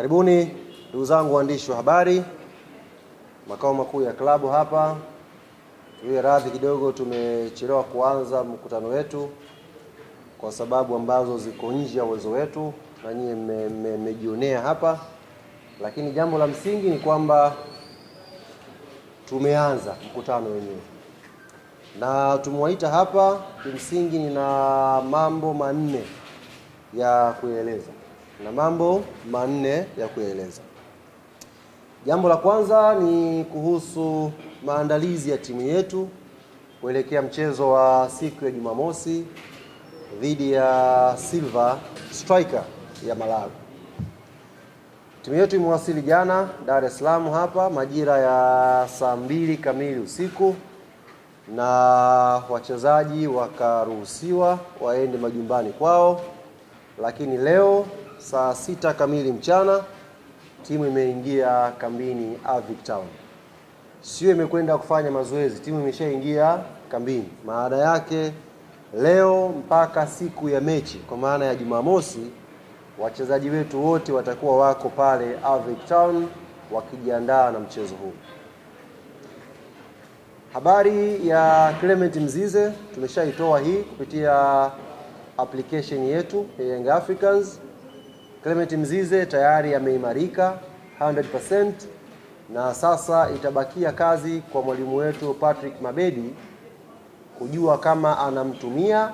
Karibuni ndugu zangu waandishi wa habari, makao makuu ya klabu hapa. Tuwe radhi kidogo, tumechelewa kuanza mkutano wetu kwa sababu ambazo ziko nje ya uwezo wetu na nyie mmejionea me, me, hapa, lakini jambo la msingi ni kwamba tumeanza mkutano wenyewe na tumewaita hapa. Kimsingi nina mambo manne ya kueleza na mambo manne ya kuyaeleza. Jambo la kwanza ni kuhusu maandalizi ya timu yetu kuelekea mchezo wa siku ya Jumamosi dhidi ya Silver Striker ya Malawi. Timu yetu imewasili jana Dar es Salaam hapa majira ya saa mbili kamili usiku na wachezaji wakaruhusiwa waende majumbani kwao, lakini leo saa sita kamili mchana timu imeingia kambini Avic Town, sio imekwenda kufanya mazoezi, timu imeshaingia kambini. Maana yake leo mpaka siku ya mechi, kwa maana ya Jumamosi, wachezaji wetu wote watakuwa wako pale Avic Town wakijiandaa na mchezo huu. Habari ya Clement Mzize tumeshaitoa hii kupitia application yetu ya Young Africans Clement Mzize tayari ameimarika 100% na sasa itabakia kazi kwa mwalimu wetu Patrick Mabedi kujua kama anamtumia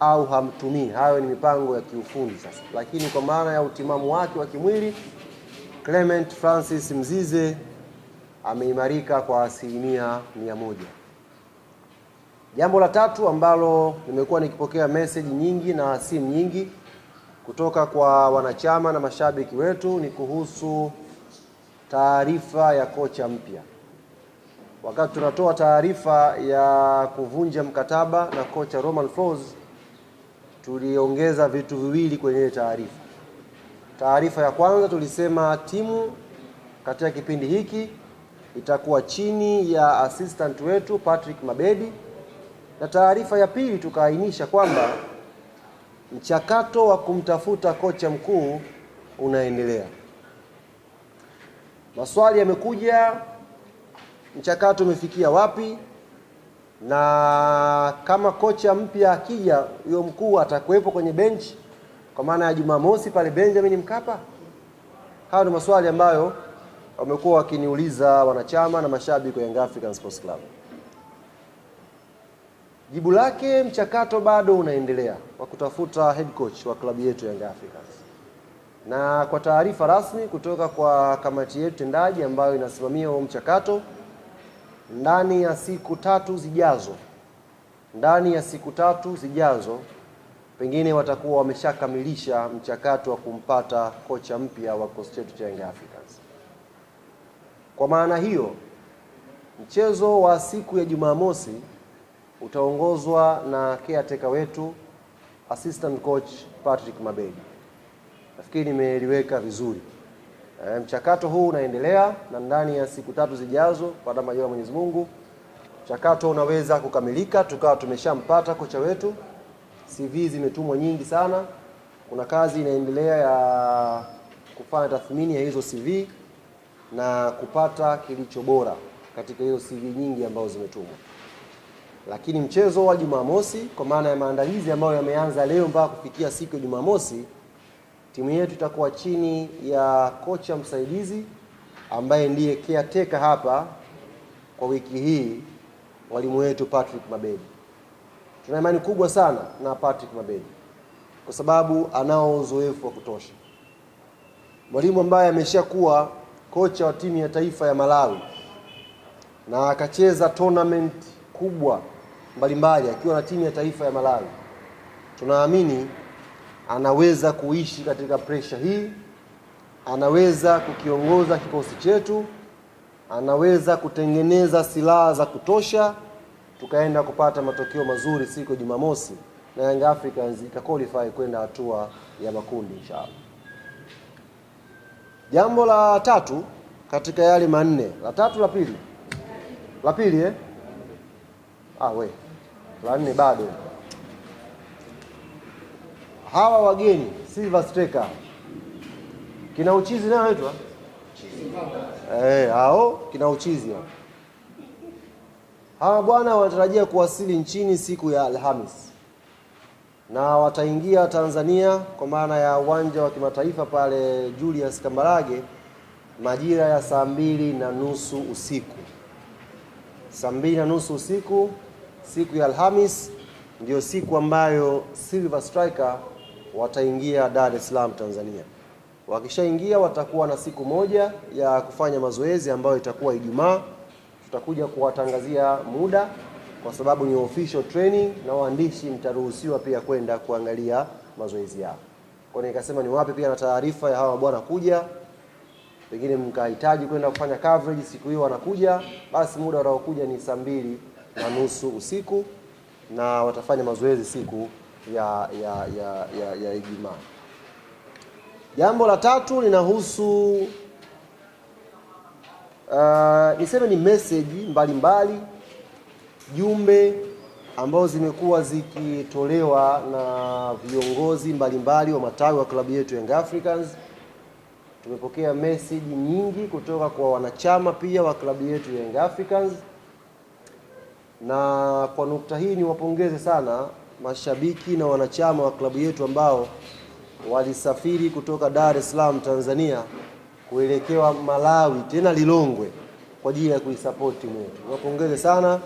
au hamtumii. Hayo ni mipango ya kiufundi sasa, lakini kwa maana ya utimamu wake wa kimwili Clement Francis Mzize ameimarika kwa asilimia mia moja. Jambo la tatu ambalo nimekuwa nikipokea message nyingi na simu nyingi kutoka kwa wanachama na mashabiki wetu ni kuhusu taarifa ya kocha mpya. Wakati tunatoa taarifa ya kuvunja mkataba na kocha Roman Flores, tuliongeza vitu viwili kwenye taarifa. Taarifa ya kwanza tulisema timu katika kipindi hiki itakuwa chini ya assistant wetu Patrick Mabedi, na taarifa ya pili tukaainisha kwamba mchakato wa kumtafuta kocha mkuu unaendelea. Maswali yamekuja, mchakato umefikia wapi? Na kama kocha mpya akija, huyo mkuu atakuwepo kwenye benchi kwa maana ya Jumamosi pale Benjamin Mkapa? Hayo ni maswali ambayo wamekuwa wakiniuliza wanachama na mashabiki wa Young African Sports Club. Jibu lake mchakato bado unaendelea wa kutafuta head coach wa klabu yetu Young Africans, na kwa taarifa rasmi kutoka kwa kamati yetu tendaji ambayo inasimamia huo mchakato, ndani ya siku tatu zijazo, ndani ya siku tatu zijazo, pengine watakuwa wameshakamilisha mchakato wa kumpata kocha mpya wa kikosi chetu cha Young Africans. Kwa maana hiyo, mchezo wa siku ya Jumamosi utaongozwa na caretaker wetu assistant coach Patrick Mabedi. Nafikiri nimeliweka vizuri. E, mchakato huu unaendelea na ndani ya siku tatu zijazo kwa damu ya Mwenyezi Mungu mchakato unaweza kukamilika, tukawa tumeshampata kocha wetu. CV zimetumwa nyingi sana, kuna kazi inaendelea ya kufanya tathmini ya hizo CV na kupata kilicho bora katika hizo CV nyingi ambazo zimetumwa lakini mchezo wa Jumamosi kwa maana ya maandalizi ambayo yameanza leo mpaka kufikia siku ya Jumamosi, timu yetu itakuwa chini ya kocha msaidizi ambaye ndiye caretaker hapa kwa wiki hii, mwalimu wetu Patrick Mabedi. Tuna imani kubwa sana na Patrick Mabedi kwa sababu anao uzoefu wa kutosha, mwalimu ambaye ameshakuwa kocha wa timu ya taifa ya Malawi na akacheza tournament kubwa mbalimbali akiwa na timu ya taifa ya Malawi. Tunaamini anaweza kuishi katika presha hii, anaweza kukiongoza kikosi chetu, anaweza kutengeneza silaha za kutosha, tukaenda kupata matokeo mazuri siku ya Jumamosi na Young Africans ikaqualify kwenda hatua ya makundi inshallah. Jambo la tatu katika yale manne, la tatu la pili, la pili eh? Ah, we la nne bado. Hawa wageni Silver Striker kina uchizi nayo naitwa eh, hao kina uchizi hao. Hawa bwana wanatarajia kuwasili nchini siku ya Alhamis na wataingia Tanzania kwa maana ya uwanja wa kimataifa pale Julius Kambarage majira ya saa mbili na nusu usiku, saa mbili na nusu usiku siku ya Alhamis ndio siku ambayo Silver Striker wataingia Dar es Salaam Tanzania. Wakishaingia watakuwa na siku moja ya kufanya mazoezi ambayo itakuwa Ijumaa. Tutakuja kuwatangazia muda kwa sababu ni official training, na waandishi mtaruhusiwa pia kwenda kuangalia mazoezi yao. Kwa hiyo nikasema wapi pia na taarifa ya hawa bwana kuja, pengine mkahitaji kwenda kufanya coverage siku hiyo, wanakuja basi, muda wataokuja ni saa mbili na nusu usiku na watafanya mazoezi siku ya ya ya ya, ya Ijumaa. Jambo la tatu linahusu uh, niseme ni message mbalimbali, jumbe ambazo zimekuwa zikitolewa na viongozi mbalimbali wa matawi wa klabu yetu Young Africans. Tumepokea message nyingi kutoka kwa wanachama pia wa klabu yetu Young Africans na kwa nukta hii niwapongeze sana mashabiki na wanachama wa klabu yetu ambao walisafiri kutoka Dar es Salaam Tanzania kuelekewa Malawi tena Lilongwe kwa ajili ya kuisapoti yetu Niwapongeze sana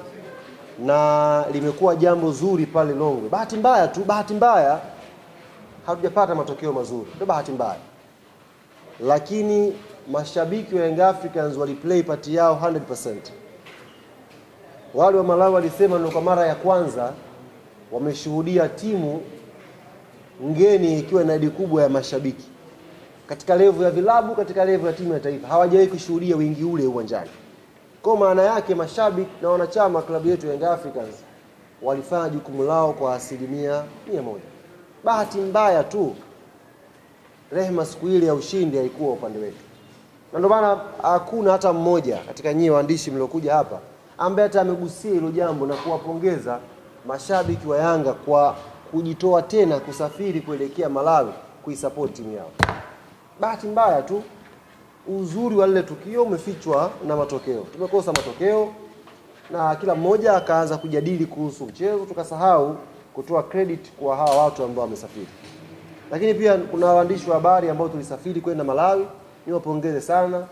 na limekuwa jambo zuri pale Lilongwe. Bahati mbaya tu, bahati mbaya hatujapata matokeo mazuri, ndio bahati mbaya, lakini mashabiki wa Young Africans waliplay part yao 100%. Wale wa Malawi walisema ndio kwa mara ya kwanza wameshuhudia timu ngeni ikiwa na idadi kubwa ya mashabiki katika levu ya vilabu, katika levu ya timu ya taifa. Hawajawahi kushuhudia wingi ule uwanjani. Kwa maana yake, mashabiki na wanachama klabu yetu Young Africans walifanya jukumu lao kwa asilimia mia moja. Bahati mbaya tu rehema siku ile ya ushindi haikuwa upande wetu, na ndio maana hakuna hata mmoja katika nyie waandishi mliokuja hapa ambaye hata amegusia hilo jambo na kuwapongeza mashabiki wa Yanga kwa kujitoa tena kusafiri kuelekea Malawi kuisupport timu yao. Bahati mbaya tu uzuri wa lile tukio umefichwa na matokeo. Tumekosa matokeo na kila mmoja akaanza kujadili kuhusu mchezo, tukasahau kutoa credit kwa hawa watu ambao wamesafiri. Lakini pia kuna waandishi wa habari ambao tulisafiri kwenda Malawi, niwapongeze sana.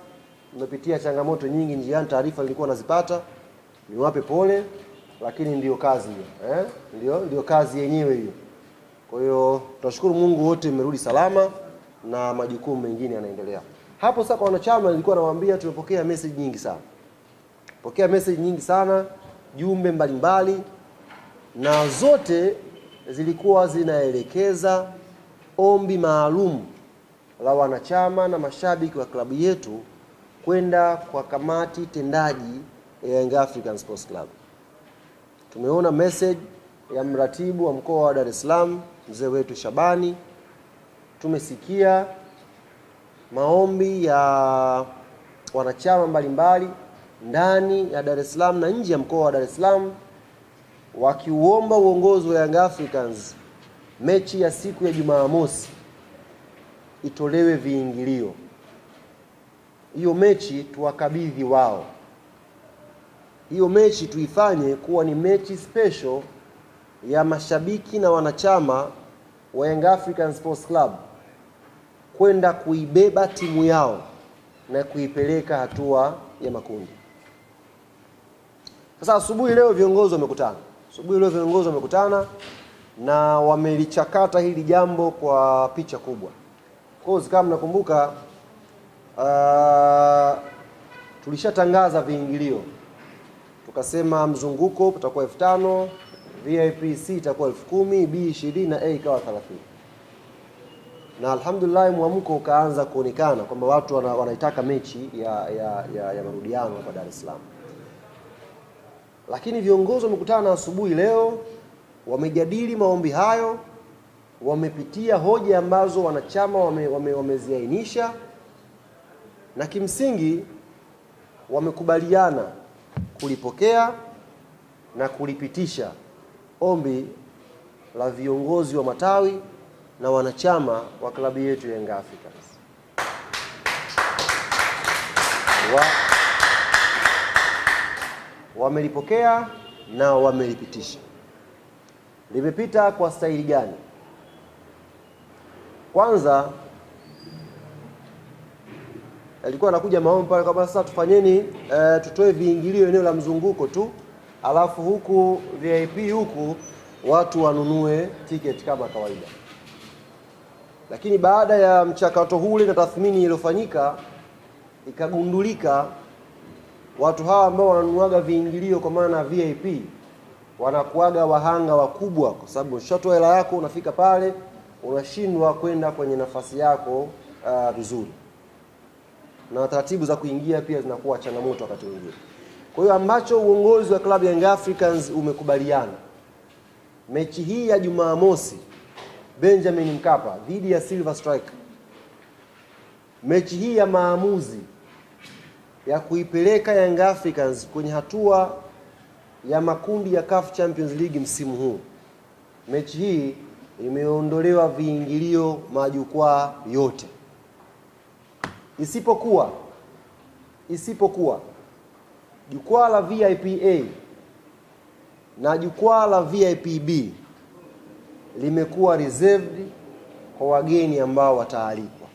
Tumepitia changamoto nyingi njiani, taarifa nilikuwa nazipata niwape pole, lakini ndiyo kazi hiyo eh? Ndio, ndio kazi yenyewe hiyo. Kwa hiyo tunashukuru Mungu wote mmerudi salama na majukumu mengine yanaendelea. Hapo sasa kwa wanachama nilikuwa nawaambia tumepokea message nyingi sana. Pokea message nyingi sana, jumbe mbalimbali na zote zilikuwa zinaelekeza ombi maalum la wanachama na mashabiki wa klabu yetu kwenda kwa kamati tendaji Young African Sports Club. Tumeona message ya mratibu wa mkoa wa Dar es Salaam mzee wetu Shabani, tumesikia maombi ya wanachama mbalimbali ndani ya Dar es Salaam na nje ya mkoa wa Dar es Salaam wakiuomba uongozi wa Young Africans mechi ya siku ya Jumamosi itolewe viingilio, hiyo mechi tuwakabidhi wao hiyo mechi tuifanye kuwa ni mechi special ya mashabiki na wanachama wa Young African Sports Club kwenda kuibeba timu yao na kuipeleka hatua ya makundi. Sasa asubuhi leo viongozi wamekutana, asubuhi leo viongozi wamekutana na wamelichakata hili jambo kwa picha kubwa. Course, kama mnakumbuka, uh, tulishatangaza viingilio tukasema mzunguko utakuwa elfu tano VIP C itakuwa elfu kumi B ishirini na A ikawa thelathini na alhamdulillah, mwamko ukaanza kuonekana kwamba watu wana, wanaitaka mechi ya, ya, ya, ya marudiano hapa Dar es Salaam. Lakini viongozi wamekutana asubuhi leo, wamejadili maombi hayo, wamepitia hoja ambazo wanachama wameziainisha wame, wame na kimsingi wamekubaliana kulipokea na kulipitisha ombi la viongozi wa matawi na wanachama wa klabu yetu Young Africans wa, wamelipokea na wamelipitisha. Limepita kwa staili gani? Kwanza alikuwa anakuja maombi pale kwamba sasa tufanyeni e, tutoe viingilio eneo la mzunguko tu, alafu huku VIP huku watu wanunue tiketi kama kawaida. Lakini baada ya mchakato hule na tathmini iliyofanyika, ikagundulika watu hawa ambao wananunuaga viingilio kwa maana VIP wanakuaga wahanga wakubwa, kwa sababu ushatoa hela yako, unafika pale unashindwa kwenda kwenye nafasi yako ah, vizuri. Uh, na taratibu za kuingia pia zinakuwa changamoto wakati mwingine. Kwa hiyo ambacho uongozi wa klabu ya Young Africans umekubaliana mechi hii ya Jumamosi Benjamin Mkapa dhidi ya Silver Strike, mechi hii ya maamuzi ya kuipeleka Young Africans kwenye hatua ya makundi ya CAF Champions League msimu huu, mechi hii imeondolewa viingilio, majukwaa yote isipokuwa isipokuwa jukwaa la VIP A na jukwaa la VIP B limekuwa reserved kwa wageni ambao wataalikwa.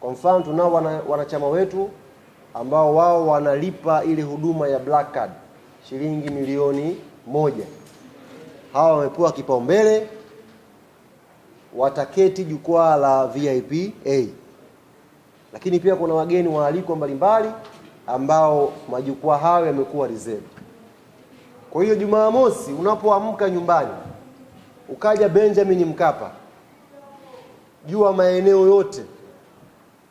Kwa mfano, tunao wana, wanachama wetu ambao wao wanalipa ile huduma ya black card shilingi milioni moja. Hawa wamepewa kipaumbele, wataketi jukwaa la VIP A lakini pia kuna wageni waalikwa mbalimbali ambao majukwaa hayo yamekuwa reserved. Kwa hiyo Jumamosi unapoamka nyumbani ukaja Benjamin Mkapa, jua maeneo yote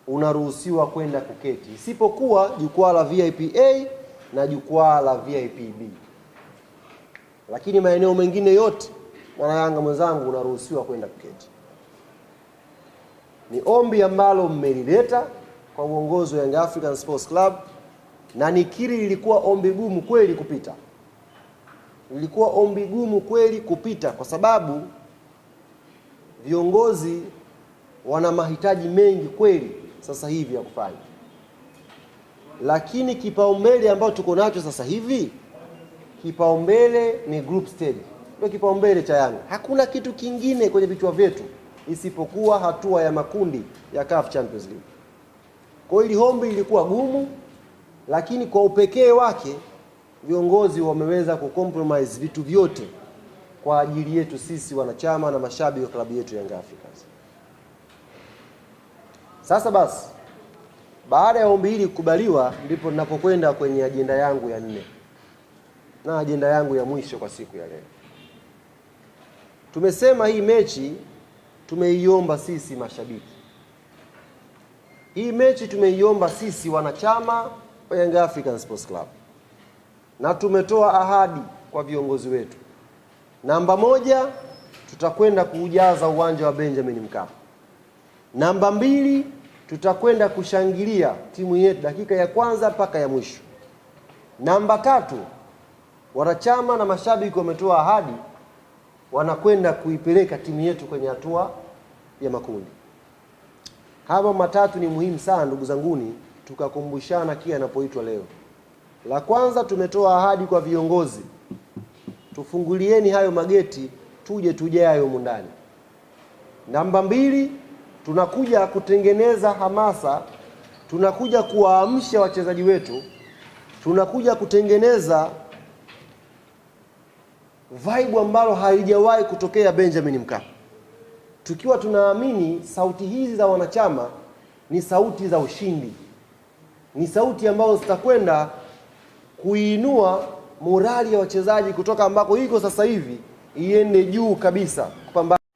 unaruhusiwa kwenda kuketi, isipokuwa jukwaa la VIP A na jukwaa la VIP B, lakini maeneo mengine yote mwanayanga mwenzangu unaruhusiwa kwenda kuketi ni ombi ambalo mmelileta kwa uongozi wa Young African Sports Club, na nikiri, lilikuwa ombi gumu kweli kupita, lilikuwa ombi gumu kweli kupita, kwa sababu viongozi wana mahitaji mengi kweli sasa hivi ya kufanya, lakini kipaumbele ambacho tuko nacho sasa hivi, kipaumbele ni group stage, ndio kipaumbele cha Yanga. Hakuna kitu kingine kwenye vichwa vyetu isipokuwa hatua ya makundi ya CAF Champions League. Kwa hiyo hombi ilikuwa gumu, lakini kwa upekee wake viongozi wameweza kucompromise vitu vyote kwa ajili yetu sisi wanachama na mashabiki wa klabu yetu Young Africans. Sasa basi, baada ya ombi hili kukubaliwa, ndipo ninapokwenda kwenye ajenda yangu ya nne na ajenda yangu ya mwisho kwa siku ya leo. Tumesema hii mechi tumeiomba sisi mashabiki, hii mechi tumeiomba sisi wanachama wa Young African Sports Club, na tumetoa ahadi kwa viongozi wetu. Namba moja, tutakwenda kuujaza uwanja wa Benjamin Mkapa. Namba mbili, tutakwenda kushangilia timu yetu dakika ya kwanza mpaka ya mwisho. Namba tatu, wanachama na mashabiki wametoa ahadi wanakwenda kuipeleka timu yetu kwenye hatua ya makundi. Hapo matatu ni muhimu sana ndugu zanguni, tukakumbushana kila anapoitwa leo. La kwanza, tumetoa ahadi kwa viongozi, tufungulieni hayo mageti tuje tujae humu ndani. Namba mbili, tunakuja kutengeneza hamasa, tunakuja kuwaamsha wachezaji wetu, tunakuja kutengeneza vibe ambalo halijawahi kutokea Benjamin Mkapa, tukiwa tunaamini sauti hizi za wanachama ni sauti za ushindi, ni sauti ambazo zitakwenda kuinua morali ya wachezaji kutoka ambako iko sasa hivi iende juu kabisa kupambana